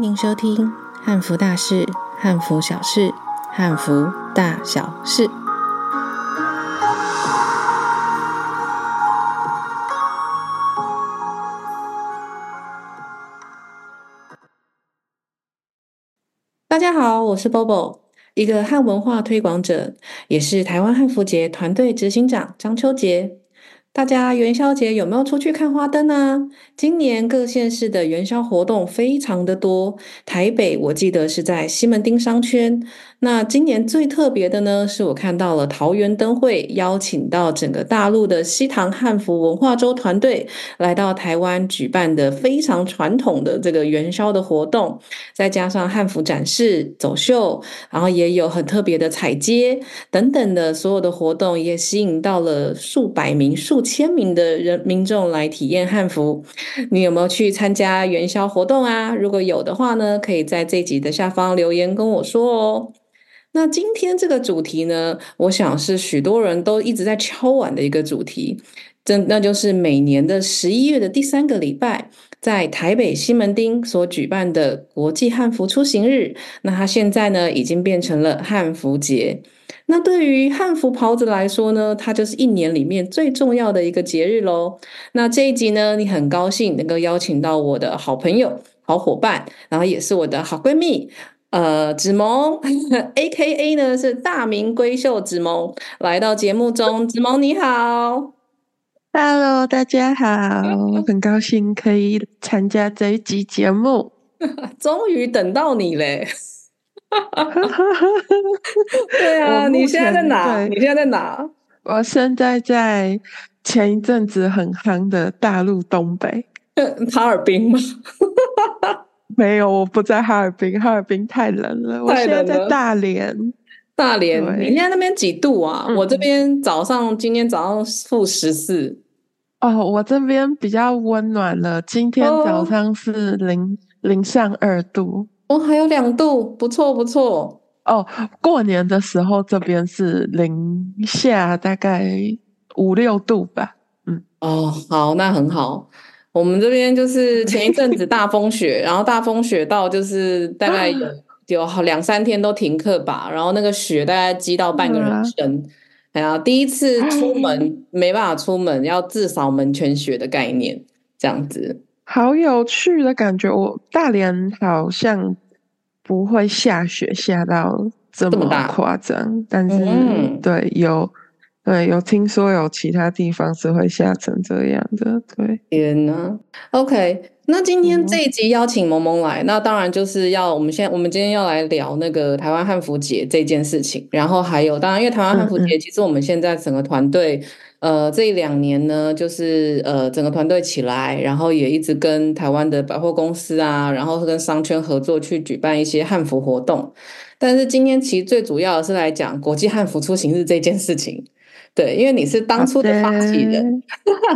歡迎收聽《漢服大事、漢服小事、漢服大小事》。大家好，我是 Bobo，一個漢文化推廣者，也是台灣漢服節團隊執行長張秋杰。大家元宵節有沒有出去看花燈呢、啊？今年各縣市的元宵活動非常的多。台北我記得是在西門町商圈。那今年最特別的呢，是我看到了桃園燈會邀請到整個大陸的西塘漢服文化周團隊來到台灣舉辦的非常傳統的這個元宵的活動，再加上漢服展示、走秀，然後也有很特別的踩街等等的所有的活動，也吸引到了數百名數。千名的人民眾來體驗漢服，你有沒有去參加元宵活動啊？如果有的話呢，可以在這集的下方留言跟我說哦。那今天這個主題呢，我想是許多人都一直在敲碗的一個主題，這那就是每年的十一月的第三個禮拜，在台北西門町所舉辦的國際漢服出行日。那它現在呢，已經變成了漢服節。那對於漢服袍子來說呢，它就是一年裡面最重要的一個節日嘍。那這一集呢，你很高興能夠邀請到我的好朋友、好夥伴，然後也是我的好閨蜜，呃，芷萌 （A.K.A.） 呢是大明閨秀芷萌，來到節目中。芷萌你好，Hello，大家好，Hello. 我很高興可以參加這一集節目， 終於等到你嘞！ 對啊，你現在在哪？你現在在哪？我現在在前一陣子很夯的大陸東北， 哈爾濱嗎？ 沒有，我不在哈爾濱，哈爾濱太冷了。太冷了，我現在在大連，大連，你現在那邊幾度啊、嗯？我這邊早上，今天早上負十四。哦、oh,，我這邊比較溫暖了，今天早上是零零、oh. 上二度。哦，還有兩度，不錯不錯。哦，過年的時候這邊是零下大概五六度吧。嗯，哦，好，那很好。我們這邊就是前一陣子大風雪， 然後大風雪到就是大概有， 有兩三天都停課吧。然後那個雪大概積到半個人身。然、啊、後、哎呀、第一次出門、哎、沒辦法出門，要至少門全雪的概念這樣子。好有趣的感覺，我大連好像不會下雪下到這麼，這麼大誇張，但是、嗯、對有對有聽說有其他地方是會下成這樣的，對，天哪、啊！OK，那今天這一集邀請萌萌來，嗯、那當然就是要我們現我們今天要來聊那個台灣漢服節這件事情，然後還有當然因為台灣漢服節，其實我們現在整個團隊。呃，這一兩年呢，就是呃，整個團隊起來，然後也一直跟台灣的百貨公司啊，然後跟商圈合作去舉辦一些漢服活動。但是今天其實最主要的是來講國際漢服出行日這件事情，對，因為你是當初的發起人，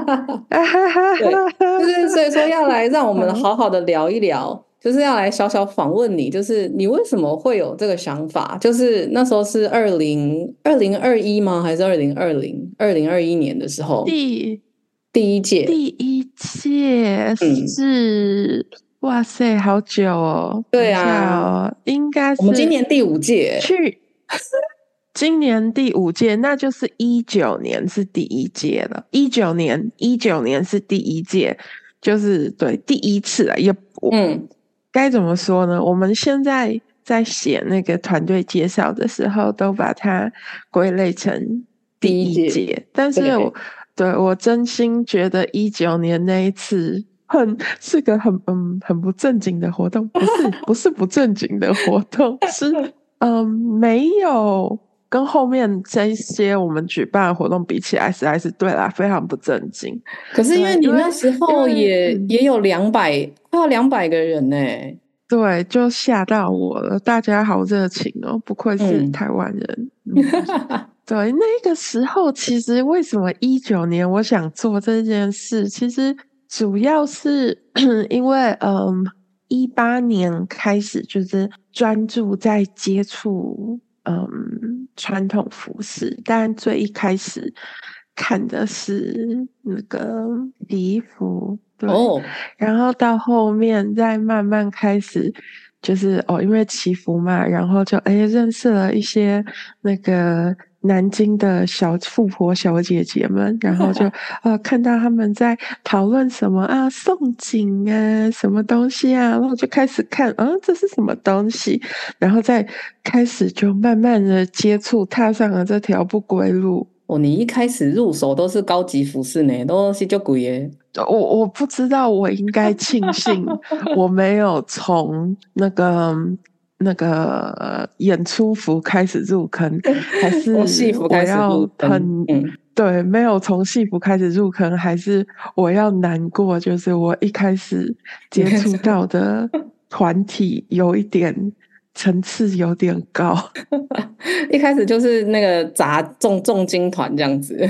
哈、啊、 對，就是所以說要來讓我們好好的聊一聊。就是要來小小訪問你，就是你為什麼會有這個想法？就是那時候是二零二零二一嗎？還是二零二零二零二一年的時候？第第一屆，第一屆是、嗯、哇塞，好久哦！對啊，哦、應該是我們今年第五屆。去今年第五屆，那就是一九年是第一屆了。一九年，一九年是第一屆，就是對第一次啊，也嗯。該怎麼說呢？我們現在在寫那個團隊介紹的時候，都把它歸類成第一屆。但是我，我對，對我真心覺得，一九年那一次很是個很嗯很不正經的活動，不是不是不正經的活動， 是嗯沒有。跟後面這一些我們舉辦的活動比起來，實在是對啦，非常不正經。可是因為你那時候也、嗯、也有兩百，還有兩百個人呢、欸。對，就嚇到我了。大家好熱情哦、喔，不愧是台灣人。嗯、 對，那個時候其實為什麼一九年我想做這件事，其實主要是 因為，嗯，一八年開始就是專注在接觸。嗯，傳統服飾，但最一開始看的是那個禮服，對，哦，oh. 然後到後面再慢慢開始。就是哦，因為祈福嘛，然後就誒認識了一些那個南京的小富婆小姐姐們，然後就啊、呃，看到他們在討論什麼啊，宋錦啊，什麼東西啊，然後就開始看啊，這是什麼東西，然後再開始就慢慢的接觸，踏上了這條不歸路。哦，你一開始入手都是高級服飾呢，都是較貴的。我我不知道，我應該慶幸 我沒有從那個那個演出服開始入坑，還是我要噴，從戲服開始入坑，對，沒有從戲服開始入坑，還是我要難過？就是我一開始接觸到的團體有一點層次有點高， 一開始就是那個砸重重金團這樣子。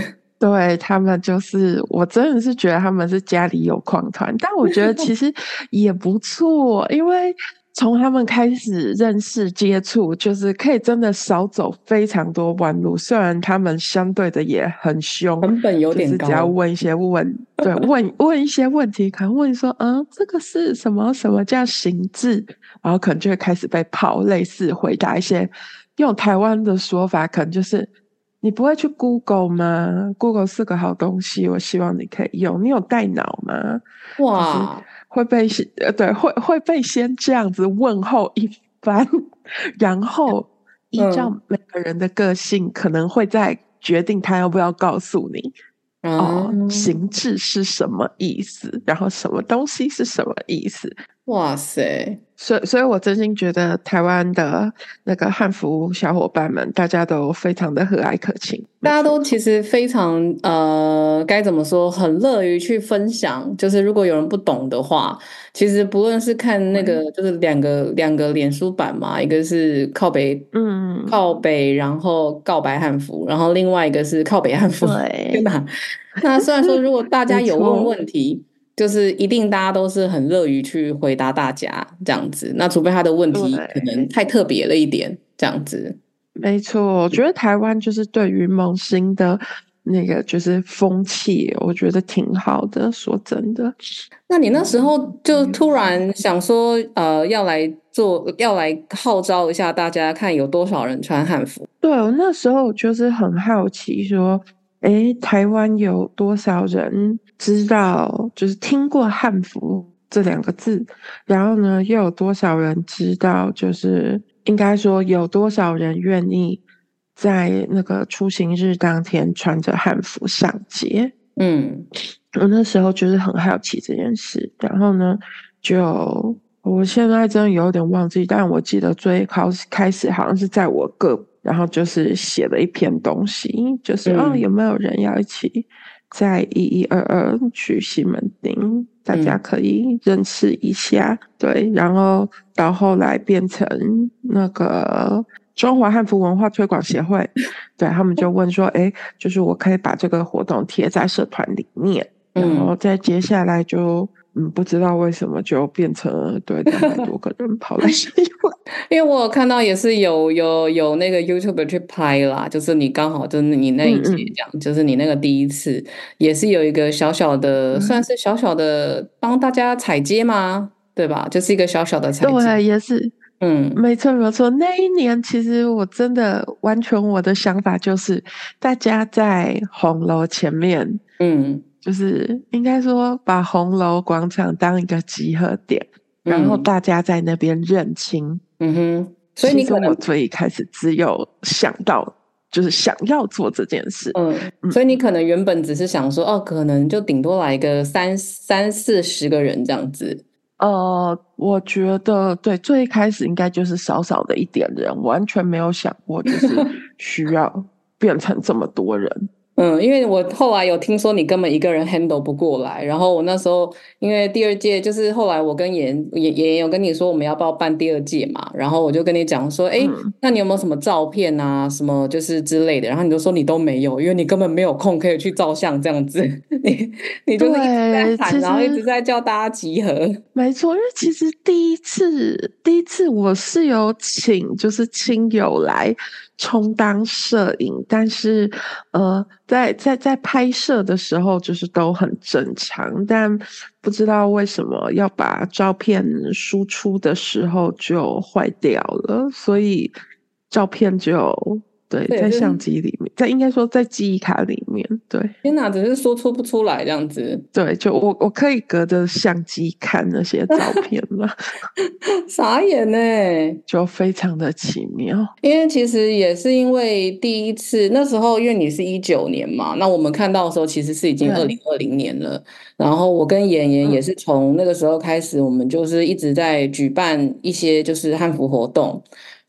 對，他們就是，我真的是覺得他們是家裡有礦團，但我覺得其實也不錯， 因為從他們開始認識接觸，就是可以真的少走非常多彎路。雖然他們相對的也很兇，根本有點高，就是、要問一些問，對，問問一些問題， 可能問說，嗯，這個是什麼？什麼叫形制？然後可能就會開始被跑，類似回答一些用台灣的說法，可能就是。你不會去 Google 嗎？Google 是個好東西，我希望你可以用。你有帶腦嗎？哇、wow.，會被先呃，對，會會被先這樣子問候一番，然後依照每個人的個性，嗯、可能會再決定他要不要告訴你、嗯、哦，形制是什麼意思，然後什麼東西是什麼意思。哇塞，所以所以，我真心覺得台灣的那個漢服小夥伴們，大家都非常的和藹可親，大家都其實非常呃，該怎麼說，很樂於去分享。就是如果有人不懂的話，其實不論是看那個，嗯、就是兩個兩個臉書版嘛，一個是靠北，嗯，靠北，然後告白漢服，然後另外一個是靠北漢服，對，對吧？那雖然說，如果大家有問問題。就是一定，大家都是很樂於去回答大家這樣子。那除非他的問題可能太特別了一點，這樣子。沒錯、嗯，我覺得台灣就是對於萌新的那個就是風氣，我覺得挺好的。說真的，那你那時候就突然想說，呃，要來做，要來號召一下大家，看有多少人穿漢服。對，我那時候就是很好奇，說，哎，臺灣有多少人？知道，就是聽過漢服這兩個字，然後呢，又有多少人知道？就是應該說有多少人願意在那個出行日當天穿着漢服上街？嗯，我那時候就是很好奇這件事。然後呢，就我現在真的有點忘記，但我記得最開始好像是在我個，然後就是寫了一篇東西，就是啊、嗯哦，有沒有人要一起？在一一二二去西門町，大家可以認識一下、嗯，對，然後到後來變成那個中華漢服文化推廣協會，嗯、對，他們就問說，誒，就是我可以把這個活動貼在社團裡面，然後再接下來就。嗯，不知道為什麼就變成了對，太多個人跑來因為， 因為我看到也是有有有那個 YouTube 去拍啦，就是你剛好就是你那一集講、嗯嗯，就是你那個第一次也是有一個小小的，算是小小的幫、嗯、大家踩街嘛，對吧？就是一個小小的踩街對對，對，也是，嗯，沒錯，沒錯、嗯，沒錯。那一年其實我真的完全我的想法就是，大家在紅樓前面，嗯。就是應該說，把紅樓廣場當一個集合點，嗯、然後大家在那邊認親。嗯哼，所以你可能最一開始只有想到，就是想要做這件事嗯。嗯，所以你可能原本只是想說，哦，可能就頂多來一個三三四十個人這樣子。呃，我覺得對，最一開始應該就是少少的一點人，完全沒有想過就是需要變成這麼多人。 嗯，因為我後來有聽說你根本一個人 handle 不過來，然後我那時候因為第二屆就是後來我跟妍妍妍有跟你說我們要不要辦第二屆嘛，然後我就跟你講說，哎、欸，那你有沒有什麼照片啊、嗯？什麼就是之類的，然後你就說你都沒有，因為你根本沒有空可以去照相這樣子，你你就是一直在喊，然後一直在叫大家集合。沒錯，因為其實第一次第一次我是有請就是親友來充當攝影，但是呃。在在在拍攝的時候，就是都很正常，但不知道為什麼要把照片輸出的時候就壞掉了，所以照片就。對，在相機裡面，在應該說在記憶卡裡面。對，天哪，只是說出不出來這樣子。對，就我我可以隔着相機看那些照片嗎？ 傻眼呢，就非常的奇妙。因為其實也是因為第一次，那時候因為你是一九年嘛，那我們看到的時候其實是已經二零二零年了。然後我跟妍妍也是從那個時候開始，我們就是一直在舉辦一些就是漢服活動。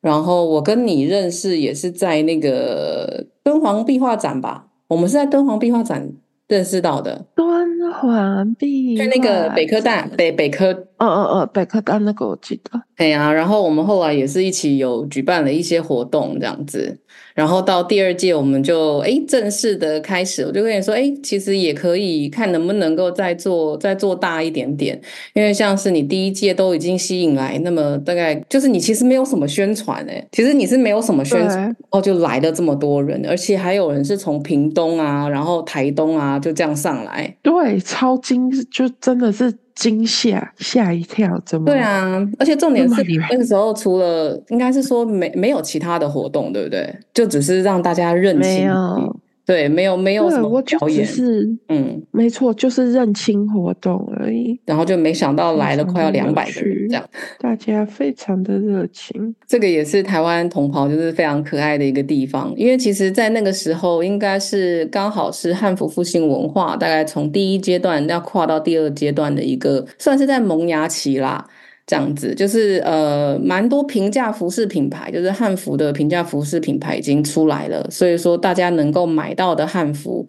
然後我跟你認識也是在那個敦煌壁畫展吧，我們是在敦煌壁畫展認識到的。敦煌壁畫展。對，那個北科大，北，北科。哦哦哦，百科丹那個我記得。哎呀、啊，然後我們後來也是一起有舉辦了一些活動這樣子，然後到第二屆我們就哎正式的開始，我就跟你說，哎，其實也可以看能不能夠再做再做大一點點，因為像是你第一屆都已經吸引來那麼大概，就是你其實沒有什麼宣傳哎、欸，其實你是沒有什麼宣傳，哦，就來了這麼多人，而且還有人是從屏東啊，然後台東啊就這樣上來。對，超精，就真的是。驚嚇，嚇一跳，怎麼？對啊，而且重點是那個時候，除了應該是說沒沒有其他的活動，對不對？就只是讓大家認識，沒有對，沒有沒有什麼表演，我是嗯，沒錯，就是認親活動而已。然後就沒想到來了快要兩百個人這樣，大家非常的熱情。這個也是台灣同袍就是非常可愛的一個地方，因為其實在那個時候應該是剛好是漢服復興文化，大概從第一階段要跨到第二階段的一個，算是在萌芽期啦。這樣子就是呃，蠻多平價服飾品牌，就是漢服的平價服飾品牌已經出來了。所以說，大家能夠買到的漢服，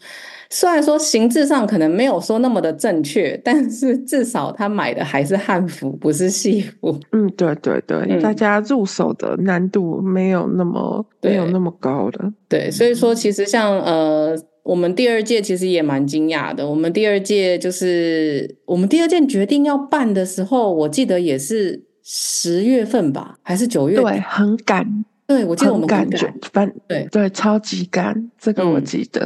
雖然說形制上可能沒有說那麼的正確，但是至少他買的還是漢服，不是戲服。嗯，對對對，嗯，大家入手的難度沒有那麼，對，沒有那麼高的。對，所以說其實像呃。我們第二屆其實也蠻驚訝的。我們第二屆就是我們第二屆決定要辦的時候，我記得也是十月份吧，還是九月份？對，很趕。對，我記得我們趕。趕辦對對，超級趕。這個我記得。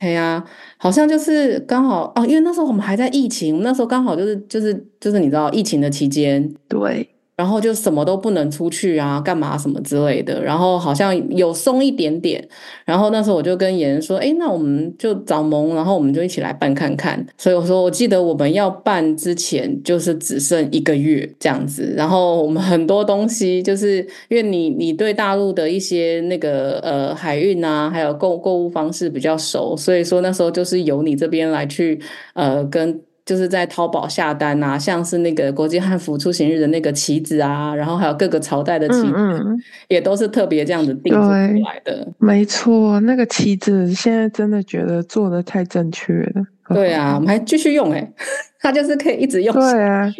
對、嗯、啊，好像就是剛好哦、啊，因為那時候我們還在疫情，那時候剛好就是就是就是你知道疫情的期間。對。然後就什麼都不能出去啊，幹嘛、啊、什麼之類的。然後好像有鬆一點點。然後那時候我就跟妍說：“哎，那我們就找萌，然後我們就一起來辦看看。”所以我說，我記得我們要辦之前就是只剩一個月這樣子。然後我們很多東西就是因為你你對大陸的一些那個呃海運啊，還有購購物方式比較熟，所以說那時候就是由你這邊來去呃跟。就是在淘寶下單吶、啊，像是那個國際漢服出行日的那個旗子啊，然後還有各個朝代的旗子，嗯嗯也都是特別這樣子定製出來的。沒錯，那個旗子現在真的覺得做得太正確了。對啊，我 們還繼續用哎、欸，它就是可以一直用。對啊，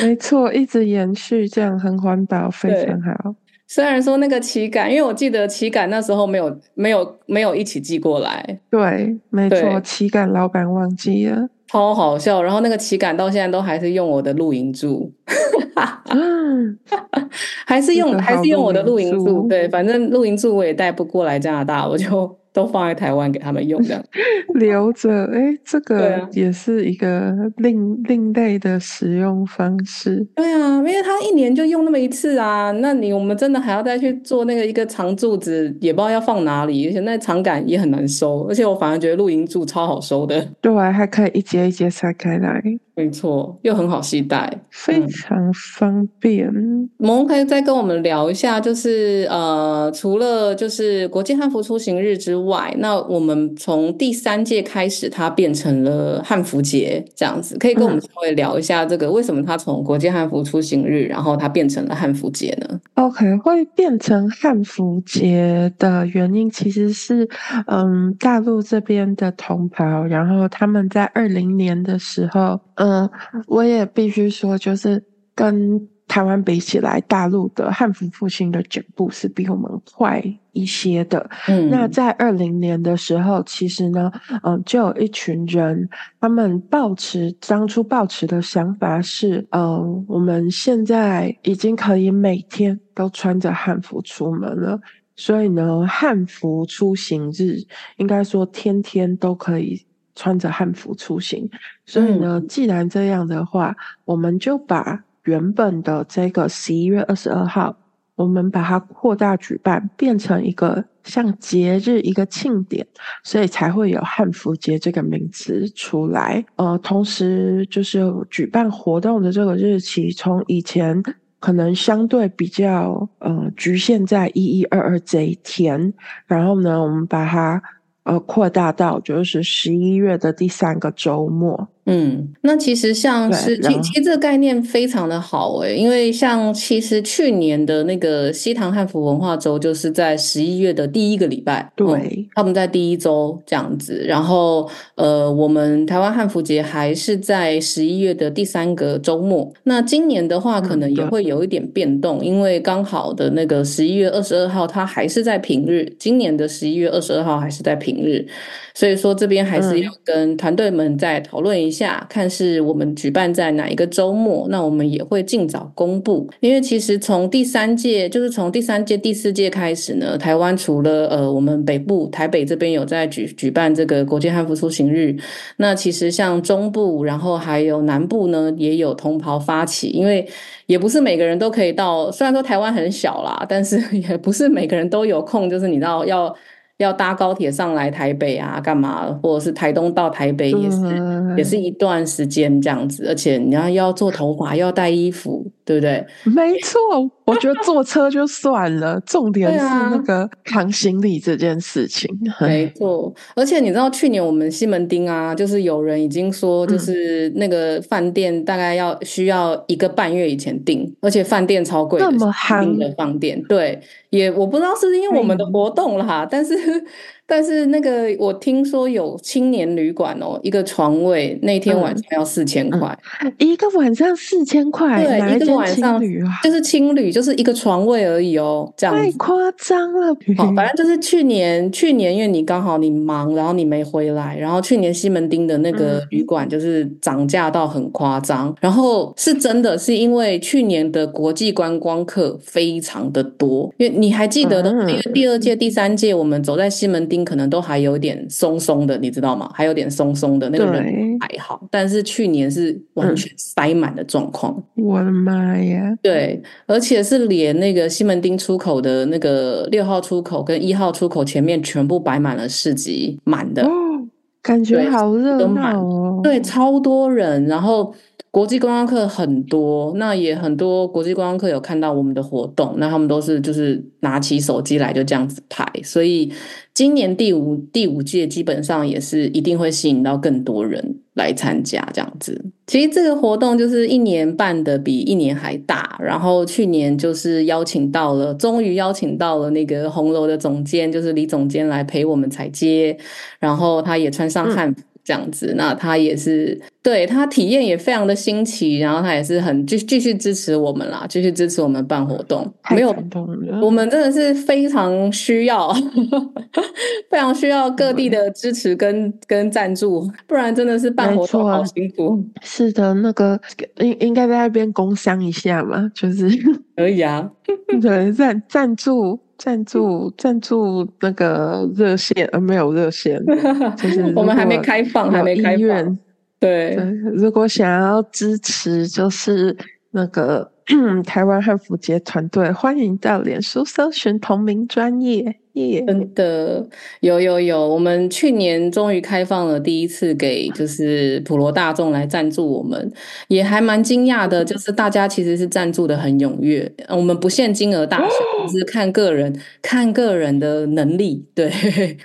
沒錯，一直延續這樣很環保，非常好。雖然說那個旗桿，因為我記得旗桿那時候沒有沒有沒有一起寄過來。對，沒錯，旗桿老闆忘記了。超好笑，然後那個旗桿到現在都還是用我的露營柱， 還是用還是用我的露營柱，對，反正露營柱我也帶不過來加拿大，我就。都放在台灣給他們用的， 留着。哎、欸，這個也是一個另另類的使用方式。對啊，因為他一年就用那麼一次啊，那你我們真的還要再去做那個一個長柱子，也不知道要放哪裡，而且那長桿也很難收。而且我反而覺得露營柱超好收的，對、啊，還可以一節一節拆開來。沒錯，又很好繫帶，非常方便。萌、嗯、可以再跟我們聊一下，就是呃，除了就是國際漢服出行日之外，那我們從第三屆開始，它變成了漢服節，這樣子可以跟我們稍微聊一下這個、嗯、為什麼它從國際漢服出行日，然後它變成了漢服節呢？OK，會變成漢服節的原因其實是，嗯，大陸這邊的同袍，然後他們在二零年的時候，嗯嗯，我也必須說，就是跟台灣比起來，大陸的漢服復興的腳步是比我們快一些的。嗯，那在二零年的時候，其實呢，嗯、呃，就有一群人，他們抱持當初抱持的想法是，嗯、呃，我們現在已經可以每天都穿着漢服出門了，所以呢，漢服出行日應該說天天都可以。穿着漢服出行，所以呢、嗯，既然這樣的話，我們就把原本的這個十一月二十二號，我們把它擴大舉辦，變成一個像節日一個慶典，所以才會有漢服節這個名詞出來。呃，同時就是舉辦活動的這個日期，從以前可能相對比較呃局限在一一二二這一天，然後呢，我們把它。呃，擴大到就是十一月的第三個周末。嗯，那其實像是其其實這個概念非常的好誒，因為像其實去年的那個西塘漢服文化周就是在十一月的第一個禮拜，對、嗯，他們在第一周這樣子，然後呃，我們台灣漢服節還是在十一月的第三個周末。那今年的話，可能也會有一點變動，嗯、因為剛好的那個十一月二十二號，它還是在平日，今年的十一月二十二號還是在平日，所以說這邊還是要跟團隊們再討論一下。嗯看是我們舉辦在哪一個週末，那我們也會盡早公布。因為其實從第三屆，就是從第三屆、第四屆開始呢，台灣除了呃我們北部台北這邊有在舉舉辦這個國際漢服出行日，那其實像中部，然後還有南部呢，也有同袍發起。因為也不是每個人都可以到，雖然說台灣很小啦，但是也不是每個人都有空。就是你知到要。要搭高鐵上來台北啊？幹嘛？或者是台東到台北也是， 也是一段時間這樣子。而且你要要做頭髮，要帶衣服。對不對？沒錯，我覺得坐車就算了， 重點是那個扛行李這件事情。啊、沒錯，而且你知道，去年我們西門町啊，就是有人已經說，就是那個飯店大概要需要一個半月以前訂，嗯、而且飯店超貴的，那麼寒的飯店。對，也我不知道是，是因為我們的活動了哈、嗯，但是。但是那個，我聽說有青年旅館哦、喔，一個床位那天晚上要四千塊，一個晚上四千塊，對一、啊，一個晚上就是青旅，就是一個床位而已哦、喔，這樣太誇張了。好、喔，反正就是去年，去年因為你剛好你忙，然後你沒回來，然後去年西門町的那個旅館就是漲價到很誇張、嗯，然後是真的是因為去年的國際觀光客非常的多，因為你還記得那個因為第二屆、第三屆我們走在西門町。可能都還有點鬆鬆的，你知道嗎？還有點鬆鬆的，那個人還好，但是去年是完全塞滿的狀況。嗯。我的媽呀！對，而且是連那個西門町出口的那個六號出口跟一號出口前面全部擺滿了市集，滿的，感覺好熱鬧哦。對，超多人，然後。國際觀光客很多，那也很多國際觀光客有看到我們的活動，那他們都是就是拿起手機來就這樣子拍，所以今年第五第五屆基本上也是一定會吸引到更多人來參加這樣子。其實這個活動就是一年辦得比一年還大，然後去年就是邀請到了，終於邀請到了那個紅樓的總監，就是李總監來陪我們踩街，然後他也穿上漢服。嗯這樣子，那他也是對他體驗也非常的新奇，然後他也是很繼繼續支持我們啦，繼續支持我們辦活動，沒有我們真的是非常需要， 非常需要各地的支持跟 跟贊助，不然真的是辦活動好辛苦。啊嗯，是的，那個應應該在那邊工商一下嘛，就是而已啊，可能贊贊助。贊助贊助那個熱線，呃，沒有熱線，就是、 我們還沒開放，還沒開放，對。對，如果想要支持，就是。那個台灣漢服節團隊歡迎到臉書搜尋同名專業，耶！真的有有有，我們去年終於開放了第一次給就是普羅大眾來贊助，我們也還蠻驚訝的，就是大家其實是贊助的很踴躍。我們不限金額大小，哦只是看個人看個人的能力。對，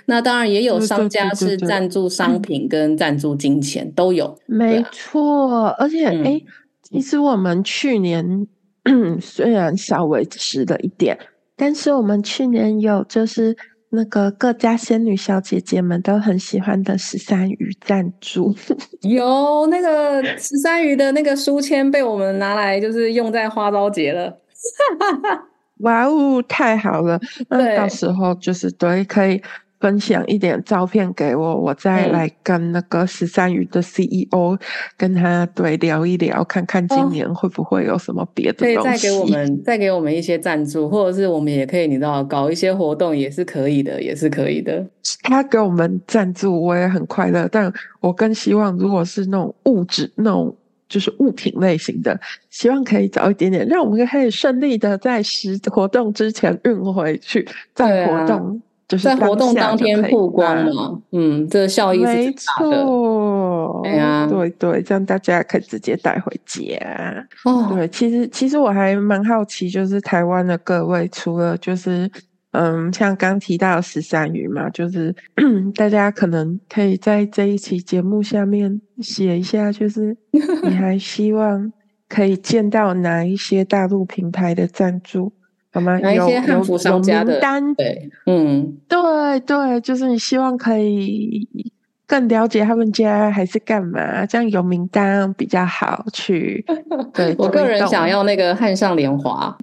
那當然也有商家是贊助商品跟贊助金錢、嗯、都有，啊、沒錯。而且，哎、嗯。欸其實我們去年、嗯、雖然稍微遲了一點，但是我們去年有就是那個各家仙女小姐姐們都很喜歡的十三餘贊助，有那個十三餘的那個書籤被我們拿來就是用在花朝節了。 哇哦，太好了！那、嗯、到時候就是對可以，分享一點照片給我，我再來跟那個十三餘的 CEO 跟他對聊一聊，看看今年會不會有什麼別的東西、哦。可以再給我們，再給我們一些贊助，或者是我們也可以，你知道，搞一些活動也是可以的，也是可以的。他給我們贊助，我也很快樂，但我更希望如果是那種物質，那種就是物品類型的，希望可以早一點點，讓我們可以順利的在實活動之前運回去，再活動。就是、就在活動當天曝光了，嗯，這效益是最大的沒錯。哎呀，對對，這樣大家可以直接帶回家。哦，對，其實其實我還蠻好奇，就是台灣的各位，除了就是嗯，像剛提到十三余嘛，就是大家可能可以在這一期節目下面寫一下，就是你還希望可以見到哪一些大陸品牌的贊助。好嗎哪一些漢服商家的有有名單，對，嗯，對對，就是你希望可以更了解他們家還是幹嘛？這樣有名單比較好去。 對,對我個人想要那個漢尚蓮華，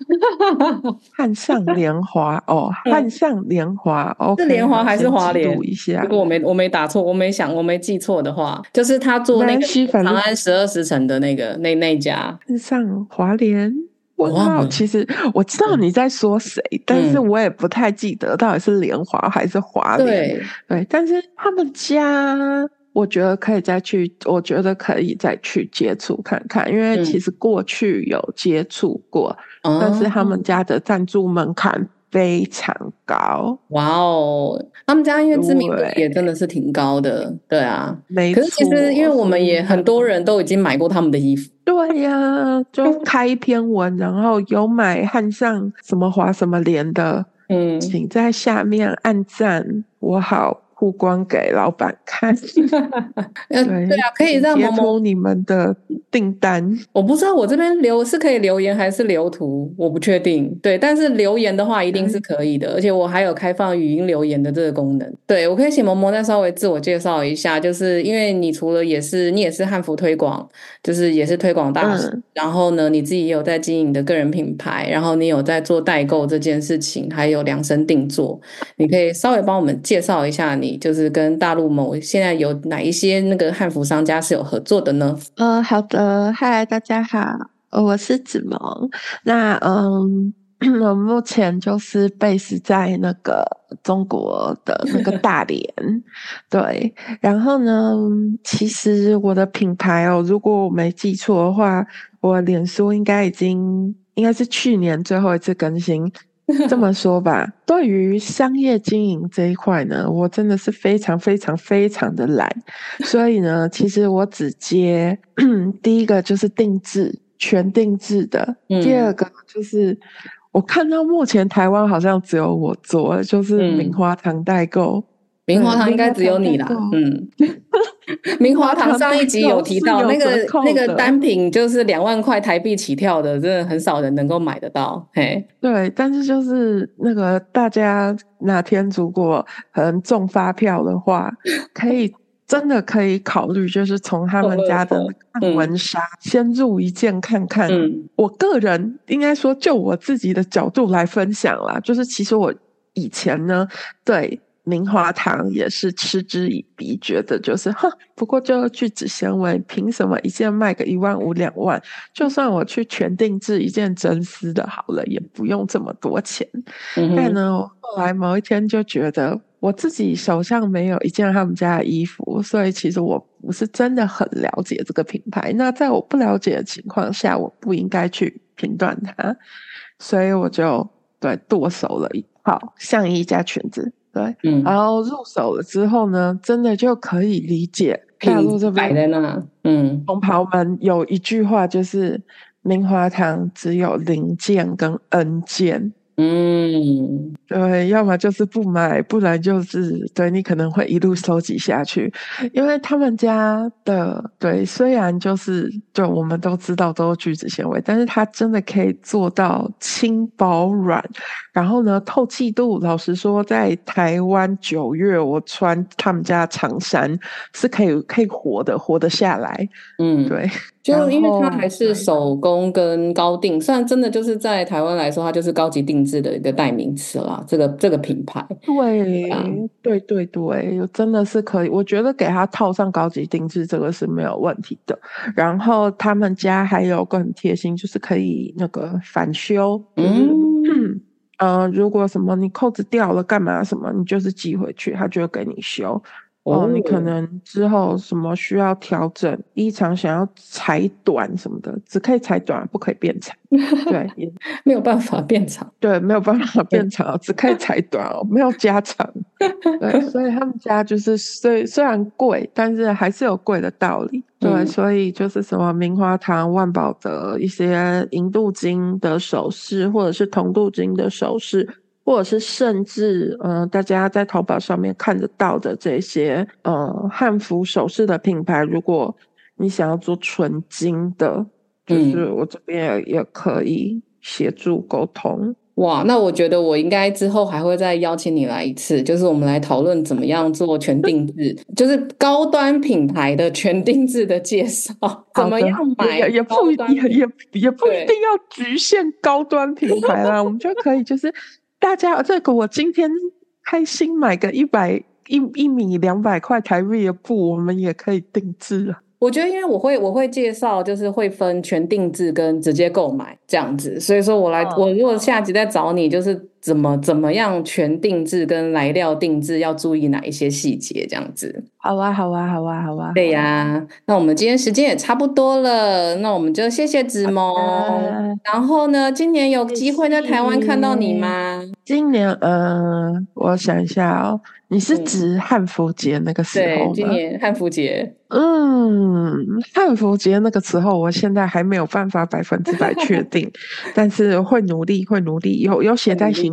漢尚蓮華哦，嗯、漢尚蓮華哦，okay, 是蓮華還是華蓮？一下，如果我沒我沒打錯，我沒想我沒記錯的話，就是他做那個長安十二時辰的那個、嗯、那那家漢尚華蓮。我、wow. 其實我知道你在說誰、嗯，但是我也不太記得到底是蓮華還是華蓮。對，但是他們家，我覺得可以再去，我覺得可以再去接觸看看，因為其實過去有接觸過，嗯、但是他們家的贊助門檻。嗯非常高，哇哦！他們家因為知名度也真的是挺高的，對,對啊。可是其實因為我們也很多人都已經買過他們的衣服，對呀、啊，就開篇文，然後有買漢尚什麼華什麼蓮的，嗯，請在下面按讚，我好。曝光給老板看 對， 對啊，可以讓萌萌你們的訂單， 我不知道我這邊留是可以留言還是留圖，我不確定。對，但是留言的話一定是可以的、嗯，而且我還有開放語音留言的這個功能。對，我可以請萌萌再稍微自我介紹一下，就是因為你除了也是你也是漢服推廣，就是也是推廣大使、嗯，然後呢，你自己也有在經營你的個人品牌，然後你有在做代購這件事情，還有量身定做，你可以稍微幫我們介紹一下你？就是跟大陸某現在有哪一些那個漢服商家是有合作的呢？呃，好的，嗨，大家好，我是芷萌。那嗯，我目前就是 base 在那個中國的那個大連。 對，然後呢，其實我的品牌哦，如果我沒記錯的話，我臉書應該已經，應該是去年最後一次更新。 這麼說吧，對於商業經營這一塊呢，我真的是非常非常非常的懶， 所以呢，其實我只接 第一個就是定制，全定制的；嗯、第二個就是我看到目前台灣好像只有我做，就是棉花糖代購，棉、嗯、花糖應該只有你啦，嗯。 明華堂上一集有提到的那個那個單品，就是兩萬塊台幣起跳的，真的很少人能夠買得到。嘿，對，但是就是那個大家哪天如果很中發票的話，可以 真的可以考慮，就是從他們家的暗紋紗先入一件看看。嗯，我個人應該說，就我自己的角度來分享啦，就是其實我以前呢，對。明華堂也是嗤之以鼻，覺得就是哼，不過就聚酯纖維，憑什麼一件賣個一萬五兩萬？就算我去全定制一件真絲的，好了，也不用這麼多錢。但、嗯嗯、呢，後來某一天就覺得，我自己手上沒有一件他們家的衣服，所以其實我不是真的很了解這個品牌。那在我不了解的情況下，我不應該去評斷它，所以我就對剁手了一套上衣加裙子。對、嗯，然後入手了之後呢，真的就可以理解大陸這邊，嗯，同袍們有一句話就是，明華堂只有零件跟 N 件。嗯，對，要麼就是不買，不然就是對你可能會一路收集下去，因為他們家的對，雖然就是就我們都知道都是聚酯纖維，但是它真的可以做到輕薄軟，然後呢透氣度，老實說，在台灣九月我穿他們家長衫是可以可以活的活得下來，嗯，對。就因為它還是手工跟高定然後，算真的就是在台灣來說，它就是高級定制的一個代名詞啦。這個這個品牌，對，對，對對對，真的是可以。我覺得給它套上高級定制，這個是沒有問題的。然後他們家還有個很貼心，就是可以那個返修，就是，嗯，呃，如果什麼你釦子掉了幹嘛什麼，你就是寄回去，他就會給你修。哦，你可能之後什麼需要調整、衣、哦、長想要裁短什麼的，只可以裁短，不可以變長，對， 沒有辦法變長，對，沒有辦法變長，只可以裁短哦，沒有加長。 對，所以他們家就是雖雖然貴，但是還是有貴的道理、嗯。對，所以就是什麼明花堂、萬寶的一些銀鍍金的首飾，或者是銅鍍金的首飾。或者是甚至嗯、呃，大家在淘寶上面看得到的這些呃漢服首飾的品牌，如果你想要做純金的，就是我這邊也可以協助溝通、嗯。哇，那我覺得我應該之後還會再邀請你來一次，就是我們來討論怎麼樣做全定制， 就是高端品牌的全定制的介紹，怎麼樣買也，也不也也，也不一定要局限高端品牌啦、啊， 我們就可以就是。大家，這個我今天開心買個一百一一米兩百塊台幣的布，我們也可以定制啊。我覺得，因為我會我會介紹，就是會分全定制跟直接購買這樣子，所以說我來，我如果下集再找你，就是。怎麼怎麼樣全定制跟來料定制要注意哪一些細節？這樣子。好啊，好啊，好啊，好啊。好啊，好啊對呀、啊，那我們今天時間也差不多了，那我們就謝謝芷萌。Okay. 然後呢，今年有機會在台灣看到你嗎？謝謝今年，嗯、呃，我想一下哦，你是指漢服節那個時候、嗯、對，今年漢服節。嗯，漢服節那個時候，我現在還沒有辦法百分之百確定， 但是會努力，會努力，有有寫在行。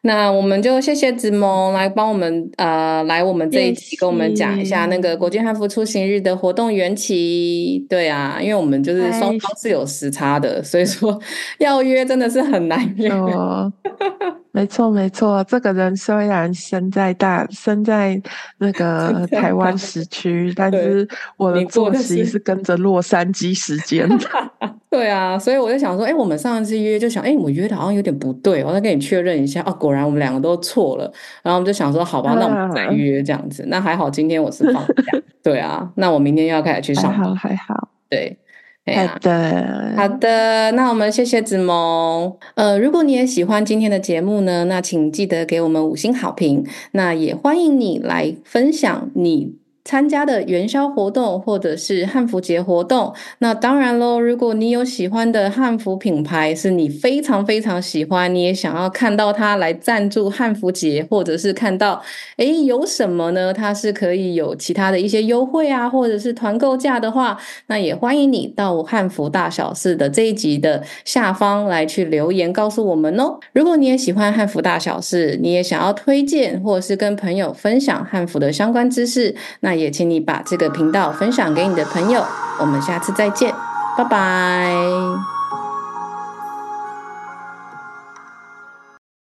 那我們就謝謝芷萌來幫我們，呃，來我們這一期跟我們講一下那個國際漢服出行日的活動緣起。對啊，因為我們就是雙方是有時差的，所以說要約真的是很難約。沒錯，沒錯，這個人雖然身在大，身在那個台灣時區， 但是我的作息是跟着洛杉磯時間 對啊，所以我就想說，哎，我們上一次約就想，哎，我約的好像有點不對，我再跟你確認一下啊，不然我們兩個都錯了，然後我們就想說，好吧，那我們再約、啊、這樣子。那還好，今天我是放假， 對啊，那我明天又要開始去上班，還好，對，哎的對、啊，好的，那我們謝謝芷萌。呃，如果你也喜歡今天的節目呢，那請記得給我們五星好評，那也歡迎你來分享你。參加的元宵活動或者是漢服節活動，那當然嘍。如果你有喜歡的漢服品牌，是你非常非常喜歡，你也想要看到它來贊助漢服節，或者是看到誒，有什麼呢？它是可以有其他的一些優惠啊，或者是團購價的話，那也歡迎你到漢服大小事的這一集的下方來去留言告訴我們哦。如果你也喜歡漢服大小事，你也想要推薦或者是跟朋友分享漢服的相關知識，那。那也請你把這個頻道分享給你的朋友，我們下次再見，拜拜。